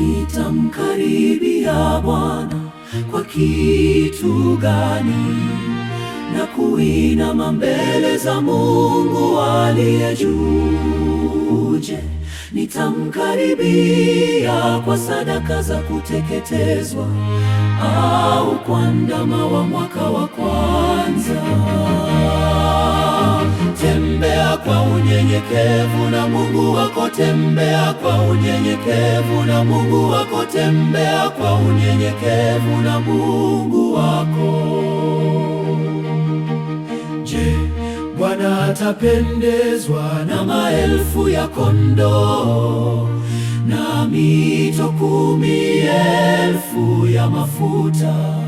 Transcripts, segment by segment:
nitamkaribia Bwana kwa kitu gani? Na kuinama mbele za Mungu aliye juu, je, nitamkaribia kwa sadaka za kuteketezwa au kwa ndama wa mwaka wako? unyenyekevu na Mungu wako, tembea kwa unyenyekevu na Mungu wako, tembea kwa unyenyekevu na Mungu wako. Je, Bwana atapendezwa na maelfu ya kondoo na mito kumi elfu ya mafuta?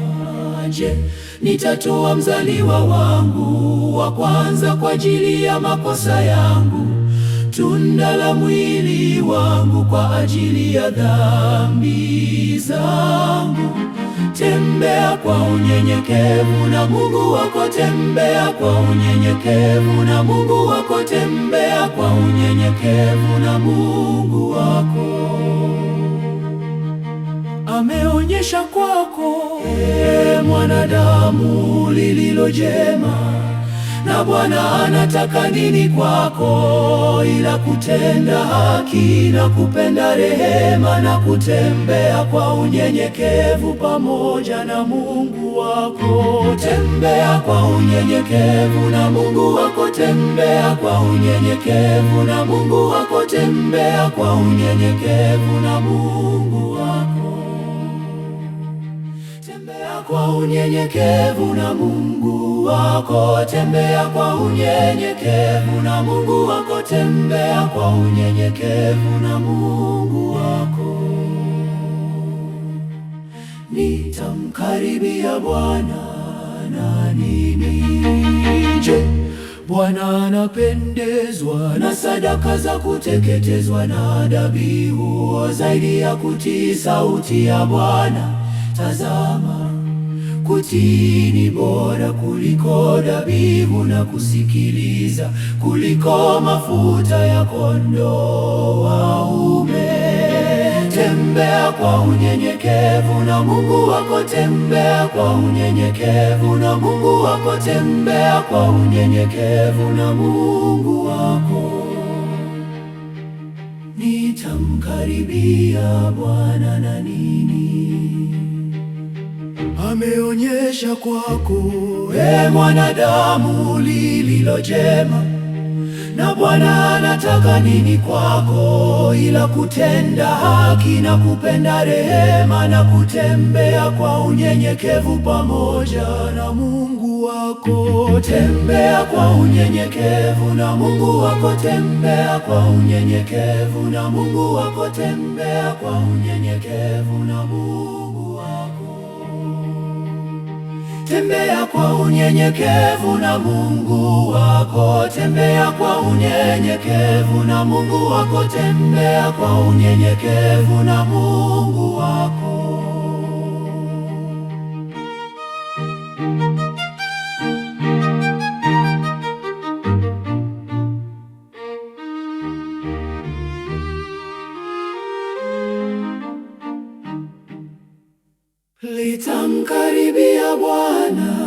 nje. Nitatoa mzaliwa wangu wa kwanza kwa ajili ya makosa yangu, tunda la mwili wangu kwa ajili ya dhambi zangu. Tembea kwa unyenyekevu na Mungu wako, tembea kwa unyenyekevu na Mungu wako, tembea kwa unyenyekevu na Mungu wako ameonyesha kwako mwanadamu, lililo jema. Na Bwana anataka nini kwako, ila kutenda haki na kupenda rehema na kutembea kwa unyenyekevu pamoja na Mungu wako. Tembea kwa unyenyekevu na Mungu wako, tembea kwa unyenyekevu na Mungu wako, tembea kwa unyenyekevu na Mungu wako kwa unyenyekevu na Mungu wako, tembea kwa unyenyekevu na Mungu wako, tembea kwa unyenyekevu na Mungu wako. Nitamkaribia Bwana na Je, Bwana anapendezwa na sadaka za kuteketezwa na dhabihu, zaidi ya kutii sauti ya Bwana. Tazama Kutii ni bora kuliko dhabihu na kusikiliza kuliko mafuta ya kondoo waume. Tembea kwa unyenyekevu na Mungu wako, tembea kwa unyenyekevu na Mungu wako, tembea kwa unyenyekevu na Mungu wako. Nitamkaribia Bwana na nini ameonyesha kwako, e mwanadamu, lililo jema. Na Bwana anataka nini kwako, ila kutenda haki na kupenda rehema na kutembea kwa unyenyekevu pamoja na Mungu wako. Tembea kwa unyenyekevu na Mungu wako, tembea kwa unyenyekevu na Mungu wako, tembea kwa unyenyekevu na Mungu Tembea kwa unyenyekevu na Mungu wako, tembea kwa unyenyekevu na Mungu wako, tembea kwa unyenyekevu na Mungu wako. litamkaribia Bwana.